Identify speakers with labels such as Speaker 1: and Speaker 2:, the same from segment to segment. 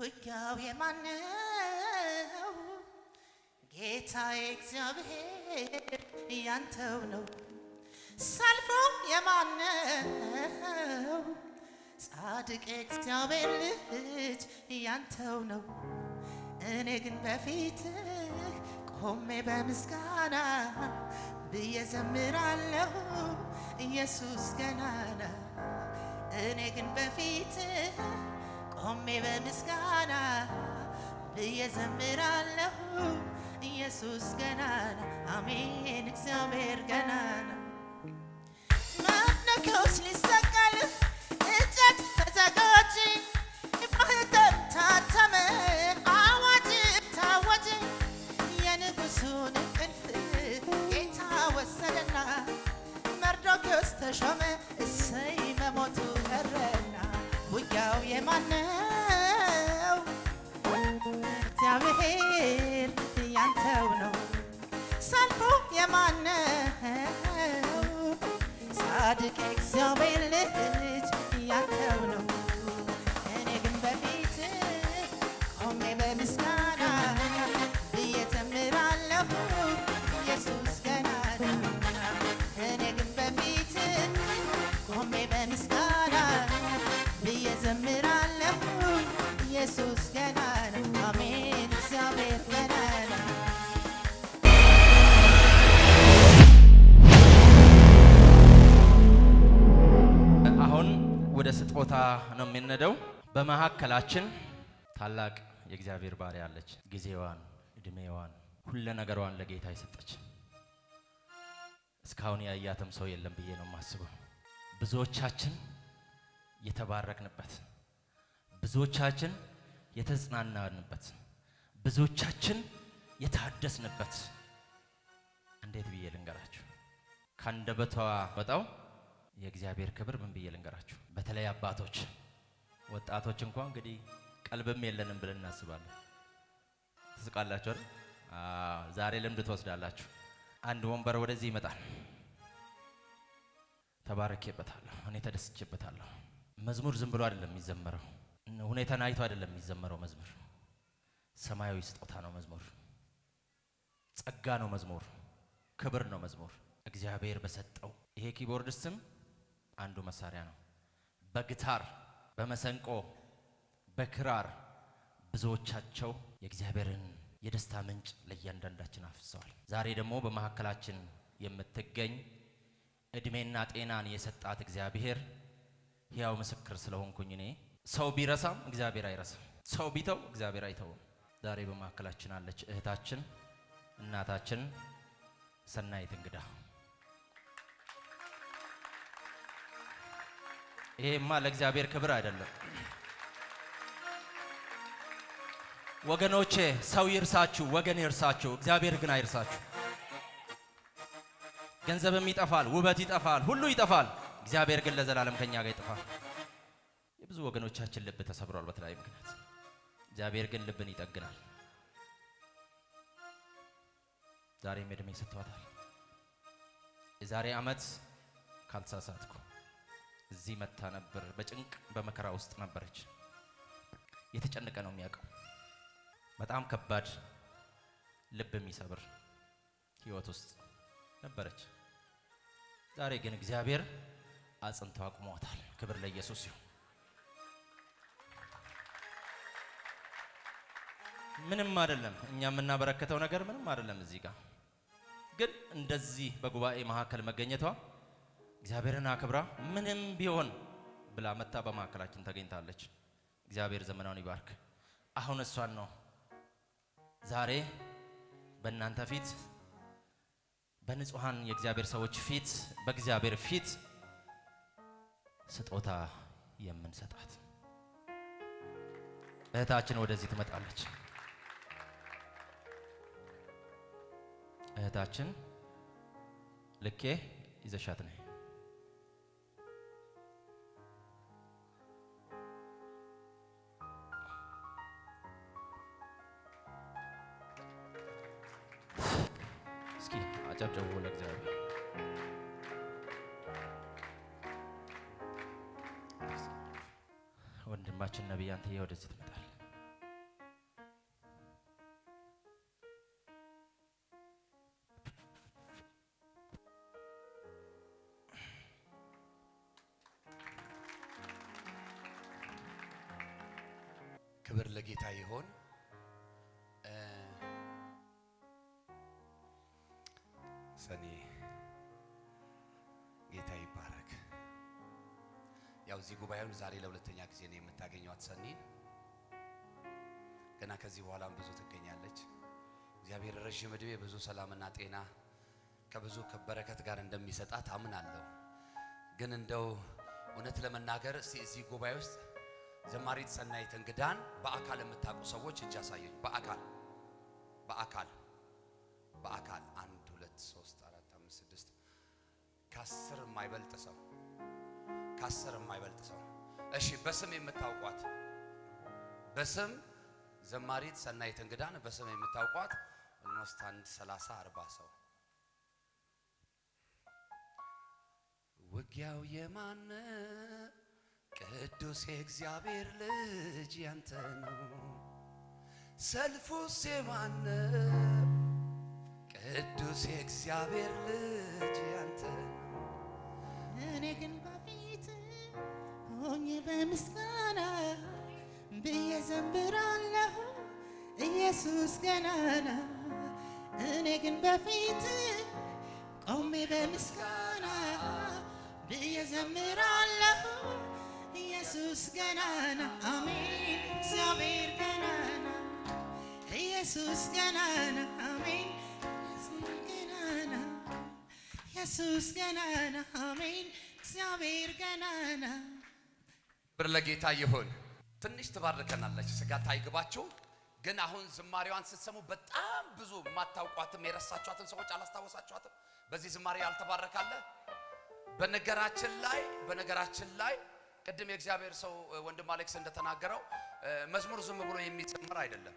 Speaker 1: ውጊያው የማነው? ጌታ እግዚአብሔር ያንተው ነው። ሰልፉ የማነው? ጻድቅ እግዚአብሔር ልጅ ያንተው ነው። እኔ ግን በፊትህ ቆሜ በምስጋና ብዬ ዘምራለሁ ኢየሱስ ገናና። እኔ ግን በፊትህ ቆሜ በምስጋና ብዬ ዘምራለሁ ኢየሱስ ገናና አሜን እግዚአብሔር ገናና ማነው ከውስጥ ሊሰ magic ቦታ ነው የምንሄደው። በመካከላችን ታላቅ የእግዚአብሔር ባሪያ አለች። ጊዜዋን፣ እድሜዋን፣ ሁለ ነገሯን ለጌታ የሰጠች እስካሁን ያያትም ሰው የለም ብዬ ነው የማስበው። ብዙዎቻችን የተባረክንበት፣ ብዙዎቻችን የተጽናናንበት፣ ብዙዎቻችን የታደስንበት እንዴት ብዬ ልንገራችሁ ከአንደበቷ ወጣው የእግዚአብሔር ክብር ምን ብዬ ልንገራችሁ። በተለይ አባቶች፣ ወጣቶች እንኳ እንግዲህ ቀልብም የለንም ብለን እናስባለን። ትስቃላችሁ አይደል? ዛሬ ልምድ ትወስዳላችሁ። አንድ ወንበር ወደዚህ ይመጣል። ተባረኬበታለሁ፣ እኔ ተደስቼበታለሁ። መዝሙር ዝም ብሎ አይደለም የሚዘመረው፣ ሁኔታን አይቶ አይደለም የሚዘመረው መዝሙር። ሰማያዊ ስጦታ ነው መዝሙር፣ ጸጋ ነው መዝሙር፣ ክብር ነው መዝሙር። እግዚአብሔር በሰጠው ይሄ ኪቦርድ ስም አንዱ መሳሪያ ነው። በግታር፣ በመሰንቆ፣ በክራር ብዙዎቻቸው የእግዚአብሔርን የደስታ ምንጭ ለእያንዳንዳችን አፍሰዋል። ዛሬ ደግሞ በመካከላችን የምትገኝ እድሜና ጤናን የሰጣት እግዚአብሔር ሕያው ምስክር ስለሆንኩኝ እኔ ሰው ቢረሳም እግዚአብሔር አይረሳም፣ ሰው ቢተው እግዚአብሔር አይተውም። ዛሬ በመካከላችን አለች እህታችን እናታችን ሰናይት እንግዳ ይሄማ ለእግዚአብሔር ክብር አይደለም ወገኖቼ። ሰው ይርሳችሁ፣ ወገን ይርሳችሁ፣ እግዚአብሔር ግን አይርሳችሁ። ገንዘብም ይጠፋል፣ ውበት ይጠፋል፣ ሁሉ ይጠፋል። እግዚአብሔር ግን ለዘላለም ከኛ ጋር ይጠፋል። የብዙ ወገኖቻችን ልብ ተሰብሯል በተለያዩ ምክንያት። እግዚአብሔር ግን ልብን ይጠግናል። ዛሬም ዕድሜ ሰጥቷታል። የዛሬ ዓመት ካልተሳሳትኩ እዚህ መታ ነበር። በጭንቅ በመከራ ውስጥ ነበረች። የተጨነቀ ነው የሚያውቀው። በጣም ከባድ ልብ የሚሰብር ህይወት ውስጥ ነበረች። ዛሬ ግን እግዚአብሔር አጽንቶ አቁሟታል። ክብር ለኢየሱስ ይሁን። ምንም አይደለም፣ እኛ የምናበረከተው ነገር ምንም አይደለም። እዚህ ጋር ግን እንደዚህ በጉባኤ መካከል መገኘቷ እግዚአብሔርን አክብራ ምንም ቢሆን ብላ መታ በማዕከላችን ተገኝታለች። እግዚአብሔር ዘመናውን ይባርክ። አሁን እሷን ነው ዛሬ በእናንተ ፊት በንጹሐን የእግዚአብሔር ሰዎች ፊት በእግዚአብሔር ፊት ስጦታ የምንሰጣት እህታችን ወደዚህ ትመጣለች። እህታችን ልኬ ይዘሻት ነይ አጨብጭቡ ለእግዚአብሔር። ወንድማችን ነቢይ አንተዬ ወደዚህ ትመጣል። ዛሬም ዛሬ ለሁለተኛ ጊዜ ነው የምታገኘው። ሰኒን። ገና ከዚህ በኋላም ብዙ ትገኛለች። እግዚአብሔር ረዥም ዕድሜ ብዙ ሰላምና ጤና ከብዙ በረከት ጋር እንደሚሰጣት አምናለሁ። ግን እንደው እውነት ለመናገር እዚህ ጉባኤ ውስጥ ዘማሪት ሰናይት እንግዳን በአካል የምታውቁ ሰዎች እጅ አሳየኝ። በአካል በአካል በአካል አንድ ሁለት ሶስት አራት አምስት ስድስት ከአስር የማይበልጥ ሰው ከአስር የማይበልጥ ሰው እሺ፣ በስም የምታውቋት በስም ዘማሪት ሰናይት እንግዳን በስም የምታውቋት ኦልሞስት አንድ 30 40 ሰው ውጊያው የማነ ቅዱስ የእግዚአብሔር ልጅ ያንተ ነው። ሰልፉስ የማነ ቅዱስ የእግዚአብሔር ልጅ ያንተ ነው። እኔ ግን በፊት ሆኜ በምስጋና ብዬ ዘምራለሁ ኢየሱስ ገናና እኔ ግን በፊት ቆሜ በምስጋና ብዬ ዘምራለሁ ኢየሱስ ገናና አሜን እግዚአብሔር ገናና ኢየሱስ ገናና አሜን ገናና ኢየሱስ ገናና አሜን እግዚአብሔር ገናና ክብር ለጌታ ይሁን። ትንሽ ትባርከናለች። ስጋት አይግባችሁ። ግን አሁን ዝማሬዋን ስትሰሙ በጣም ብዙ የማታውቋትም የረሳችኋትም ሰዎች አላስታወሳችኋትም። በዚህ ዝማሬ ያልተባረካለ በነገራችን ላይ በነገራችን ላይ ቅድም የእግዚአብሔር ሰው ወንድም አሌክስ እንደተናገረው መዝሙር ዝም ብሎ የሚዘመር አይደለም።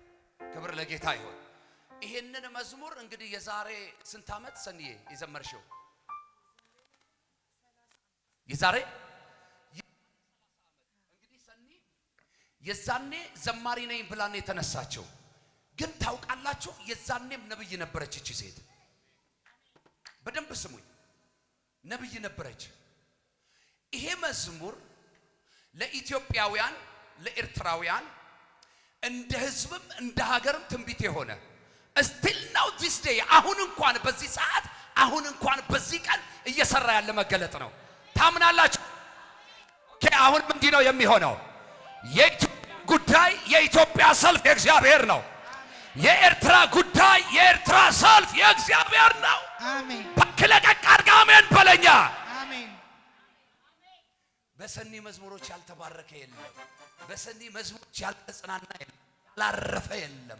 Speaker 1: ክብር ለጌታ ይሁን። ይህንን መዝሙር እንግዲህ የዛሬ ስንት ዓመት ሰንዬ የዘመርሽው የዛሬ የዛኔ ዘማሪ ነኝ ብላን የተነሳቸው ግን ታውቃላችሁ፣ የዛኔም ነብይ ነበረች እቺ ሴት። በደንብ ስሙኝ፣ ነብይ ነበረች። ይሄ መዝሙር ለኢትዮጵያውያን፣ ለኤርትራውያን እንደ ህዝብም እንደ ሀገርም ትንቢት የሆነ ስቲል ናው ዲስ ዴይ አሁን እንኳን በዚህ ሰዓት አሁን እንኳን በዚህ ቀን እየሰራ ያለ መገለጥ ነው። ታምናላችሁ? አሁን አሁንም ነው የሚሆነው። ጉዳይ የኢትዮጵያ ሰልፍ የእግዚአብሔር ነው። የኤርትራ ጉዳይ የኤርትራ ሰልፍ የእግዚአብሔር ነው። በክለቀቅ አድርጋ አሜን በለኛ። በሰኒ መዝሙሮች ያልተባረከ የለም። በሰኒ መዝሙሮች ያልተጽናና የለም። ያላረፈ የለም።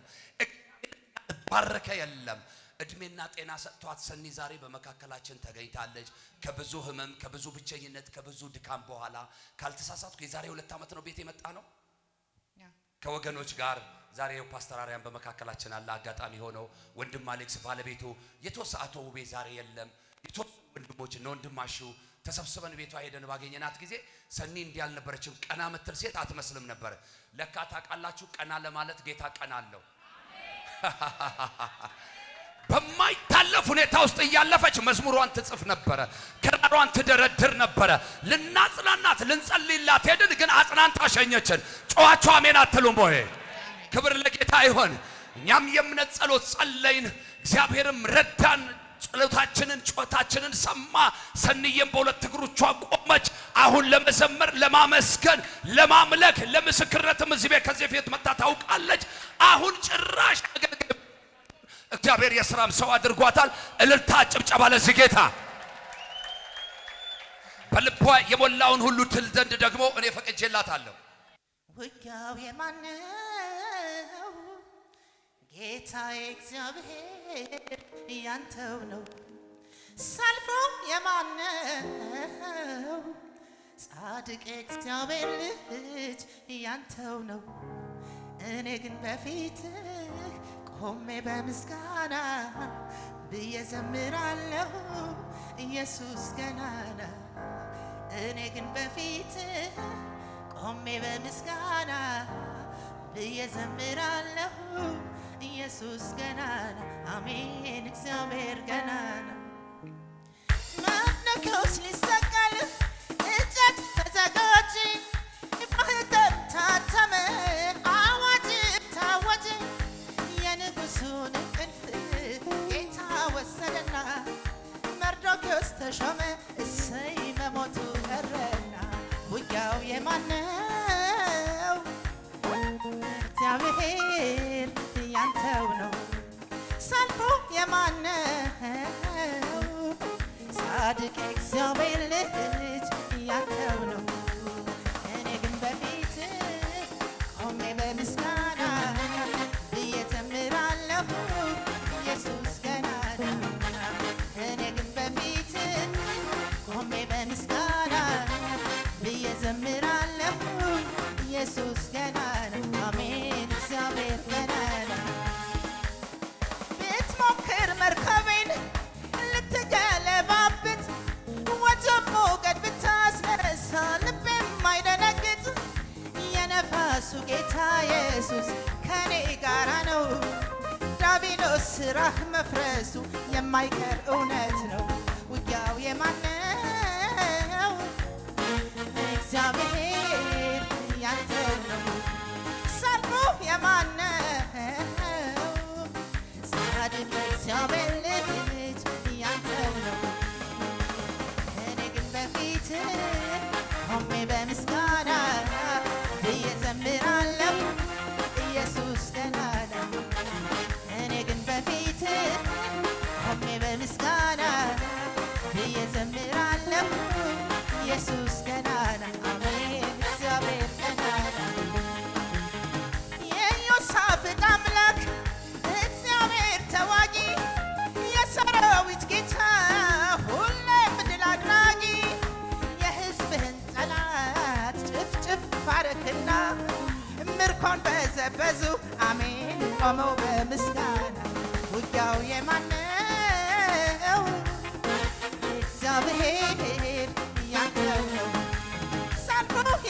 Speaker 1: ባረከ የለም። እድሜና ጤና ሰጥቷት ሰኒ ዛሬ በመካከላችን ተገኝታለች። ከብዙ ህመም ከብዙ ብቸኝነት፣ ከብዙ ድካም በኋላ ካልተሳሳትኩ የዛሬ ሁለት ዓመት ነው ቤት የመጣ ነው። ከወገኖች ጋር ዛሬ ፓስተር አርያም በመካከላችን አለ። አጋጣሚ ሆነው ወንድም አሌክስ ባለቤቱ የተወሰ አቶ ውቤ ዛሬ የለም። የተወሰኑ ወንድሞች እነ ወንድማሹ ተሰብስበን ቤቷ ሄደን ባገኘናት ጊዜ ሰኒ እንዲህ አልነበረችም። ቀና ምትል ሴት አትመስልም ነበር። ለካ ታውቃላችሁ፣ ቀና ለማለት ጌታ ቀና አለው። በማይታለፍ ሁኔታ ውስጥ እያለፈች መዝሙሯን ትጽፍ ነበረ። ክራሯን ትደረድር ነበረ። ልናጽናናት ልንጸልይላት ሄድን፣ ግን አጽናንታ ሸኘችን። ጨዋቿ አሜን አትሉም ወይ? ክብር ለጌታ ይሆን። እኛም የእምነት ጸሎት ጸለይን፣ እግዚአብሔርም ረዳን። ጸሎታችንን ጩኸታችንን ሰማ። ሰንዬም በሁለት እግሮቿ ቆመች። አሁን ለመዘመር ለማመስገን፣ ለማምለክ፣ ለምስክርነትም እዚህ ቤት ከዚህ ፊት መታ ታውቃለች። አሁን ጭራሽ አገልግል እግዚአብሔር የስራም ሰው አድርጓታል። እልልታ ጭብጨባ ለዚህ ጌታ። በልቧ የሞላውን ሁሉ ትል ዘንድ ደግሞ እኔ ፈቅጄላታለሁ። ውጊያው የማነው? ጌታ እግዚአብሔር ያንተው ነው። ሰልፉ የማነው? ጻድቅ እግዚአብሔር ልጅ ያንተው ነው። እኔ ግን በፊትህ ቆሜ በምስጋና ብዬ ዘምራለሁ ኢየሱስ ገናና። እኔ ግን በፊት ቆሜ በምስጋና ብዬ ዘምራለሁ ኢየሱስ ገናና። አሜን እግዚአብሔር ገናና ወሰደና መርዶክዮስ ተሾመ እሰይ መሞቱ ቀረና ውጊያው የማነው? እግዚአብሔር እያንተው ነው። ሰልፉ የማነው? ጻድቅ እግዚአብሔር ኢየሱስ ከኔ ጋራ ነው። ዳቢሎስ ራህ መፍረሱ የማይቀር እውነት ነው። ብዬ ኢየሱስ ገናና አሜን፣ እግዚአብሔር ገናና የዮሳፍጥ አምላክ እግዚአብሔር ተዋጊ የሰራዊት ጌታ ሁሌም ድል አድራጊ የሕዝብህን ጠላት ጭፍጭፍ ባረክና ምርኮን በዘበዙ አሜን ቆመው በምስጋና ውጊያው የማነ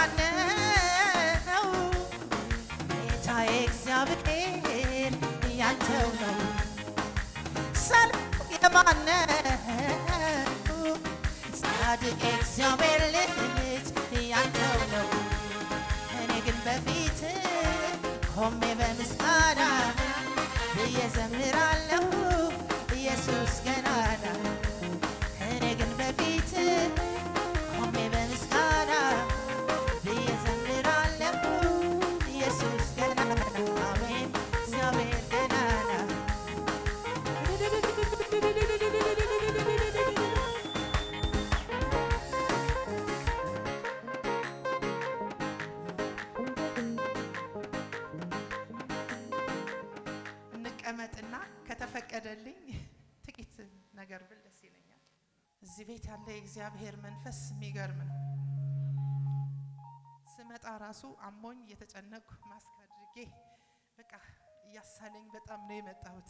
Speaker 1: ማነው? ጌታዬ እግዚአብሔር ያንተው የእግዚአብሔር መንፈስ የሚገርም ነው። ስመጣ ራሱ አሞኝ እየተጨነቅኩ ማስክ አድርጌ በቃ እያሳለኝ በጣም ነው የመጣሁት።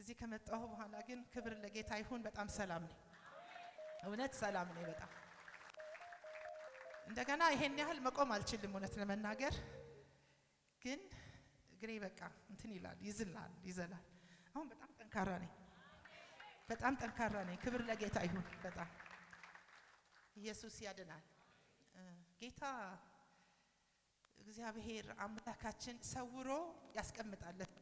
Speaker 1: እዚህ ከመጣሁ በኋላ ግን ክብር ለጌታ ይሁን፣ በጣም ሰላም ነው። እውነት ሰላም ነው በጣም እንደገና ይሄን ያህል መቆም አልችልም፣ እውነት ለመናገር ግን እግሬ በቃ እንትን ይላል፣ ይዝላል፣ ይዘላል። አሁን በጣም ጠንካራ ነኝ፣ በጣም ጠንካራ ነኝ። ክብር ለጌታ ይሁን በጣም ኢየሱስ ያድናል። ጌታ እግዚአብሔር አምላካችን ሰውሮ ያስቀምጣለን።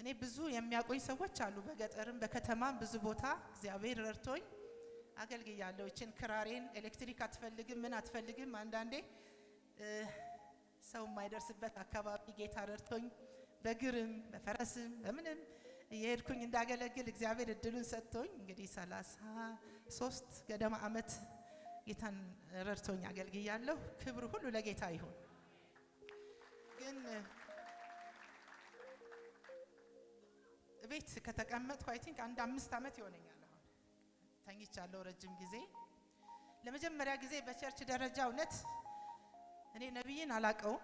Speaker 1: እኔ ብዙ የሚያቆይ ሰዎች አሉ፣ በገጠርም በከተማም ብዙ ቦታ እግዚአብሔር ረድቶኝ አገልግያለሁ። እችን ክራሬን ኤሌክትሪክ አትፈልግም፣ ምን አትፈልግም። አንዳንዴ ሰው የማይደርስበት አካባቢ ጌታ ረድቶኝ በግርም በፈረስም በምንም እየሄድኩኝ እንዳገለግል እግዚአብሔር እድሉን ሰጥቶኝ እንግዲህ ሰላሳ ሶስት ገደማ ዓመት ጌታን ረድቶኝ አገልግያለሁ። ክብር ሁሉ ለጌታ ይሁን። ግን ቤት ከተቀመጥኩ አይ ቲንክ አንድ አምስት ዓመት ይሆነኛል። አሁን ተኝቻለሁ ረጅም ጊዜ። ለመጀመሪያ ጊዜ በቸርች ደረጃ እውነት እኔ ነቢይን አላቀውም፣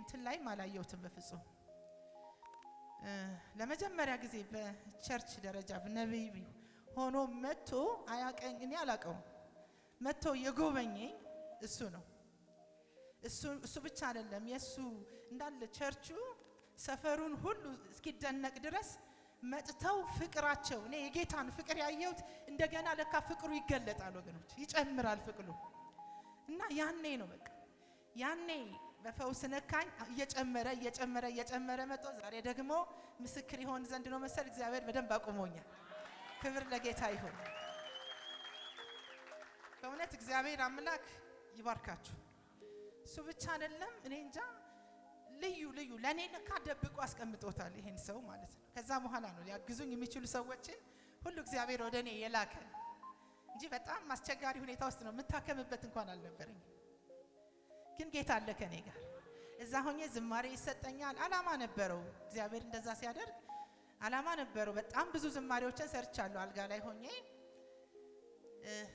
Speaker 1: እንትን ላይም አላየሁትም በፍጹም ለመጀመሪያ ጊዜ በቸርች ደረጃ ነቢይ ሆኖ መጥቶ አያቀኝ እኔ አላቀውም መጥቶ የጎበኘኝ እሱ ነው። እሱ ብቻ አይደለም፣ የእሱ እንዳለ ቸርቹ ሰፈሩን ሁሉ እስኪደነቅ ድረስ መጥተው ፍቅራቸው እኔ የጌታን ፍቅር ያየሁት እንደገና ለካ ፍቅሩ ይገለጣል ወገኖች፣ ይጨምራል ፍቅሩ እና ያኔ ነው በቃ ያኔ በፈውስ ነካኝ። እየጨመረ እየጨመረ እየጨመረ መጦ ዛሬ ደግሞ ምስክር ይሆን ዘንድ ነው መሰል እግዚአብሔር በደንብ አቁሞኛል። ክብር ለጌታ ይሁን። በእውነት እግዚአብሔር አምላክ ይባርካችሁ። እሱ ብቻ አይደለም፣ እኔ እንጃ ልዩ ልዩ ለእኔ ለካ ደብቆ አስቀምጦታል ይሄን ሰው ማለት ነው። ከዛ በኋላ ነው ሊያግዙኝ የሚችሉ ሰዎችን ሁሉ እግዚአብሔር ወደ እኔ የላከ እንጂ በጣም አስቸጋሪ ሁኔታ ውስጥ ነው የምታከምበት እንኳን አልነበረኝም። ግን ጌታ አለ ከኔ ጋር። እዛ ሆኜ ዝማሬ ይሰጠኛል። አላማ ነበረው እግዚአብሔር እንደዛ ሲያደርግ አላማ ነበረው። በጣም ብዙ ዝማሬዎችን ሰርቻለሁ አልጋ ላይ ሆኜ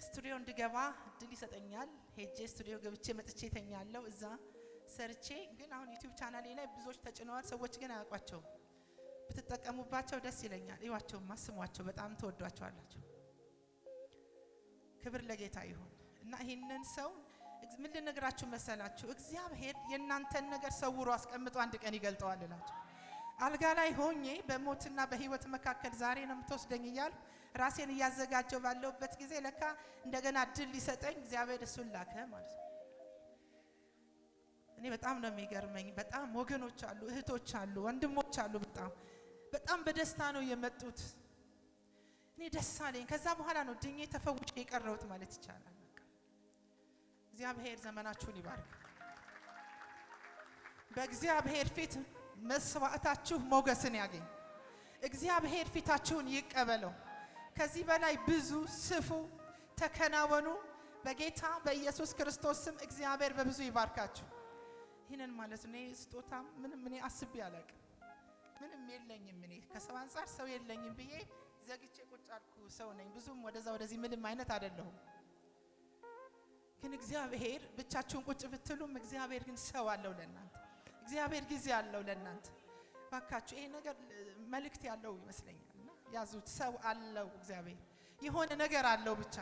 Speaker 1: ስቱዲዮ እንድገባ እድል ይሰጠኛል። ሄጄ ስቱዲዮ ገብቼ መጥቼ ተኛለሁ። እዛ ሰርቼ ግን አሁን ዩቲዩብ ቻናሌ ላይ ብዙዎች ተጭነዋል። ሰዎች ግን አያውቋቸውም። ብትጠቀሙባቸው ደስ ይለኛል። እዩዋቸውማ፣ ስሟቸው፣ በጣም ትወዷቸዋላቸው። ክብር ለጌታ ይሁን እና ይህንን ሰው ምን ልነግራችሁ መሰላችሁ? እግዚአብሔር የእናንተን ነገር ሰውሮ አስቀምጦ አንድ ቀን ይገልጠዋል እላችሁ። አልጋ ላይ ሆኜ በሞትና በህይወት መካከል ዛሬ ነው የምትወስደኝ እያሉ ራሴን እያዘጋጀው ባለሁበት ጊዜ ለካ እንደገና ድል ሊሰጠኝ እግዚአብሔር እሱን ላከ ማለት ነው። እኔ በጣም ነው የሚገርመኝ። በጣም ወገኖች አሉ፣ እህቶች አሉ፣ ወንድሞች አሉ። በጣም በጣም በደስታ ነው የመጡት። እኔ ደስ አለኝ። ከዛ በኋላ ነው ድኜ ተፈውጭ የቀረውት ማለት ይቻላል። እግዚአብሔር ዘመናችሁን ይባርክ። በእግዚአብሔር ፊት መስዋዕታችሁ ሞገስን ያገኝ። እግዚአብሔር ፊታችሁን ይቀበለው። ከዚህ በላይ ብዙ ስፉ፣ ተከናወኑ። በጌታ በኢየሱስ ክርስቶስ ስም እግዚአብሔር በብዙ ይባርካችሁ። ይህንን ማለት ነው። ስጦታ ምንም እኔ አስቤ አላቅም። ምንም የለኝም። እኔ ከሰው አንጻር ሰው የለኝም ብዬ ዘግቼ ቁጭ አልኩ ሰው ነኝ። ብዙም ወደዛ ወደዚህ ምንም አይነት አይደለሁም። ግን እግዚአብሔር ብቻችሁን ቁጭ ብትሉም እግዚአብሔር ግን ሰው አለው ለእናንተ እግዚአብሔር ጊዜ አለው ለእናንተ። ባካችሁ ይሄ ነገር መልእክት ያለው ይመስለኛል ያዙት። ሰው አለው እግዚአብሔር የሆነ ነገር አለው። ብቻ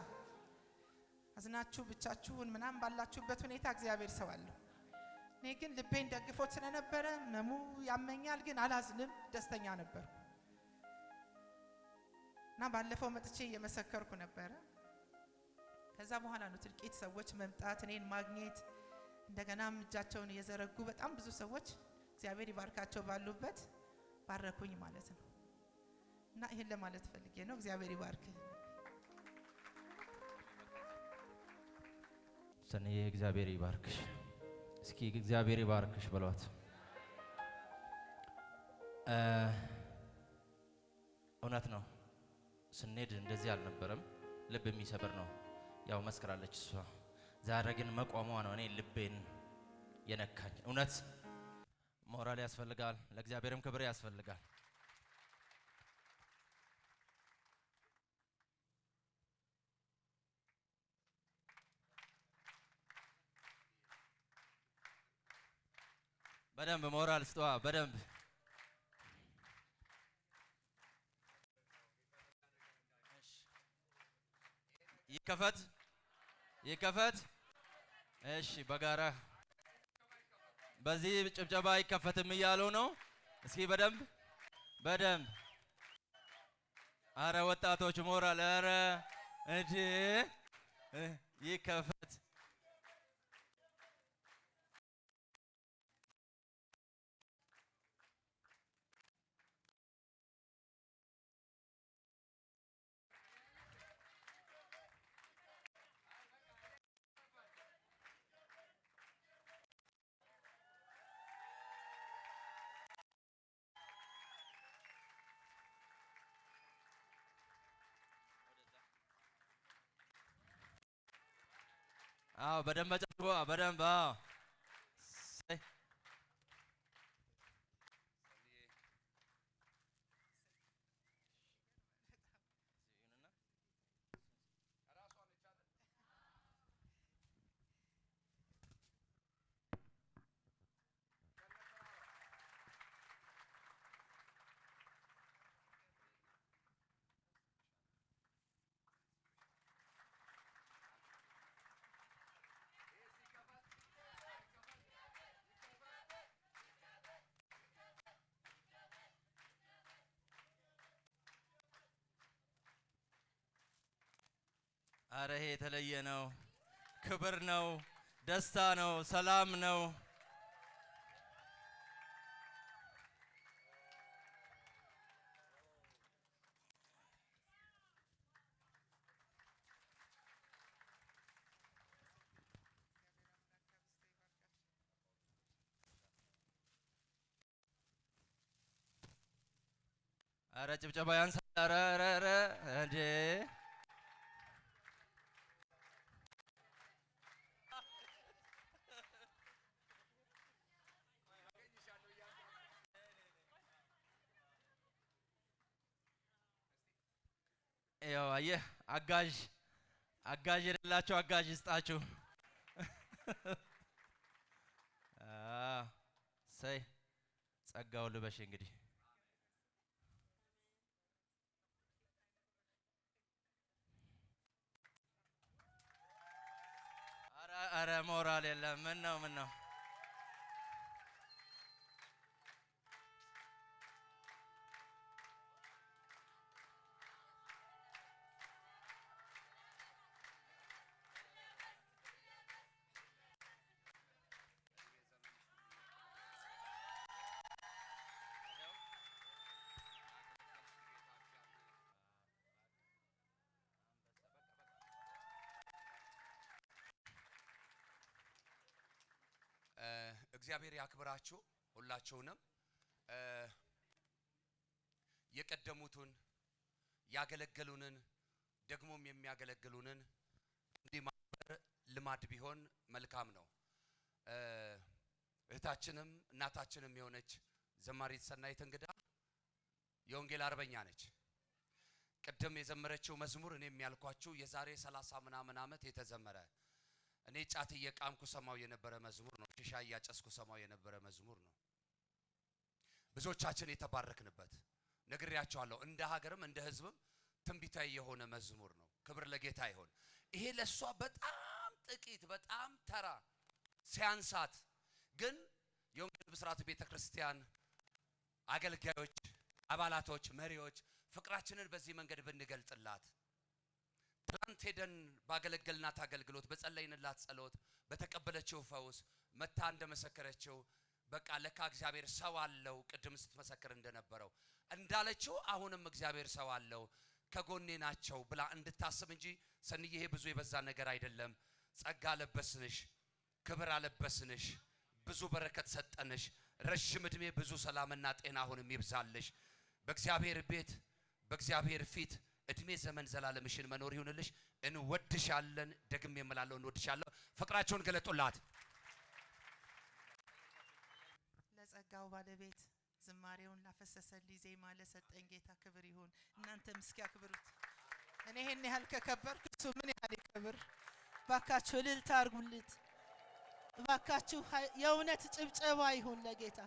Speaker 1: አዝናችሁ ብቻችሁን ምናምን ባላችሁበት ሁኔታ እግዚአብሔር ሰው አለው። እኔ ግን ልቤን ደግፎት ስለነበረ መሙ ያመኛል፣ ግን አላዝንም። ደስተኛ ነበርኩ እና ባለፈው መጥቼ እየመሰከርኩ ነበረ ከዛ በኋላ ነው ትልቂት ሰዎች መምጣት እኔን ማግኘት እንደገናም እጃቸውን እየዘረጉ በጣም ብዙ ሰዎች እግዚአብሔር ይባርካቸው ባሉበት ባረኩኝ ማለት ነው። እና ይህን ለማለት ፈልጌ ነው። እግዚአብሔር ይባርክ። ሰንዬ እግዚአብሔር ይባርክሽ። እስኪ እግዚአብሔር ይባርክሽ በሏት። እውነት ነው። ስንሄድ እንደዚህ አልነበረም። ልብ የሚሰብር ነው። ያው መስክራለች እሷ። ዛሬ ግን መቆሟ ነው እኔ ልቤን የነካኝ። እውነት ሞራል ያስፈልጋል፣ ለእግዚአብሔርም ክብር ያስፈልጋል። በደንብ ሞራል ስጧ፣ በደንብ ይከፈት ይከፈት። እሺ፣ በጋራ በዚህ ጭብጨባ አይከፈትም እያሉ ነው። እስኪ በደንብ በደንብ። አረ ወጣቶች ሞራል፣ አረ እንዴ ይከፈት አዎ በደንብ መጨፍሩ በደንብ አረ ይሄ የተለየ ነው። ክብር ነው፣ ደስታ ነው፣ ሰላም ነው። አረ ጭብጨባ ያንሳ። አረ አረ አረ እንዴ አየህ አጋዥ አጋዥ የሌላቸው አጋዥ ይስጣችሁ። ሰይ ጸጋው ልበሽ እንግዲህ አረ ሞራል የለም። ምን ነው ምን ነው እግዚአብሔር ያክብራችሁ ሁላችሁንም። የቀደሙትን ያገለገሉንን ደግሞም የሚያገለግሉንን እንዲህ ማክበር ልማድ ቢሆን መልካም ነው። እህታችንም እናታችንም የሆነች ዘማሪት ሰናይት እንግዳ የወንጌል አርበኛ ነች። ቅድም የዘመረችው መዝሙር እኔም ያልኳችሁ የዛሬ ሰላሳ ምናምን ዓመት የተዘመረ እኔ ጫት እየቃምኩ ሰማው የነበረ መዝሙር ነው። ሽሻ እያጨስኩ ሰማው የነበረ መዝሙር ነው። ብዙዎቻችን የተባረክንበት ነግሬያቸዋለሁ። እንደ ሀገርም እንደ ሕዝብም ትንቢታዊ የሆነ መዝሙር ነው። ክብር ለጌታ ይሆን። ይሄ ለእሷ በጣም ጥቂት በጣም ተራ ሲያንሳት፣ ግን የወንጌል ብስራት ቤተ ክርስቲያን አገልጋዮች፣ አባላቶች፣ መሪዎች ፍቅራችንን በዚህ መንገድ ብንገልጥላት ትናንት ሄደን ባገለገልናት አገልግሎት በጸለይንላት ጸሎት በተቀበለችው ፈውስ መታ እንደመሰከረችው በቃ ለካ እግዚአብሔር ሰው አለው። ቅድም ስትመሰክር እንደነበረው እንዳለችው አሁንም እግዚአብሔር ሰው አለው ከጎኔ ናቸው ብላ እንድታስብ እንጂ ሰንዬ ይሄ ብዙ የበዛ ነገር አይደለም። ጸጋ አለበስንሽ፣ ክብር አለበስንሽ፣ ብዙ በረከት ሰጠንሽ፣ ረዥም ዕድሜ ብዙ ሰላምና ጤና አሁንም ይብዛልሽ በእግዚአብሔር ቤት በእግዚአብሔር ፊት እድሜ ዘመን ዘላለምሽን መኖር ይሁንልሽ። እንወድሻለን። ደግም የምላለው እንወድሻለሁ። ፍቅራቸውን ገለጡላት። ለጸጋው ባለቤት ዝማሬውን ላፈሰሰልኝ ዜማ ለሰጠኝ ጌታ ክብር ይሁን። እናንተም እስኪ አክብሩት። እኔ ይሄን ያህል ከከበርኩ እሱ ምን ያህል ይከብር። እባካችሁ እልልታ አርጉልት እባካችሁ የእውነት ጭብጨባ ይሁን ለጌታ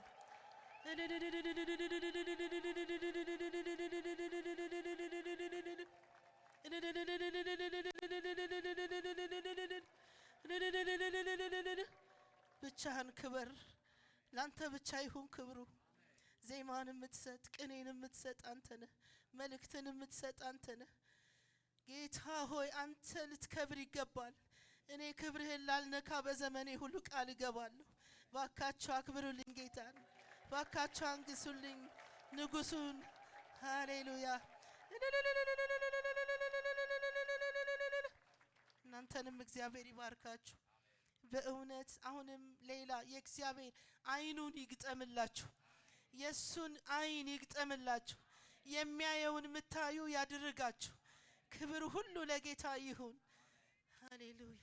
Speaker 1: ብቻህን ክበር። ለአንተ ብቻ ይሁን ክብሩ። ዜማን የምትሰጥ ቅኔን የምትሰጥ አንተ ነህ። መልእክትን የምትሰጥ አንተ ነህ። ጌታ ሆይ አንተ ልትከብር ይገባል። እኔ ክብርህን ላልነካ በዘመኔ ሁሉ ቃል እገባለሁ። ባካቸው አክብሩልኝ ጌታ ባካችሁ አንግሱልኝ ንጉሱን። ሃሌሉያ። እናንተንም እግዚአብሔር ይባርካችሁ። በእውነት አሁንም ሌላ የእግዚአብሔር አይኑን ይግጠምላችሁ። የእሱን አይን ይግጠምላችሁ። የሚያየውን ምታዩ ያድርጋችሁ። ክብር ሁሉ ለጌታ ይሁን። ሃሌሉያ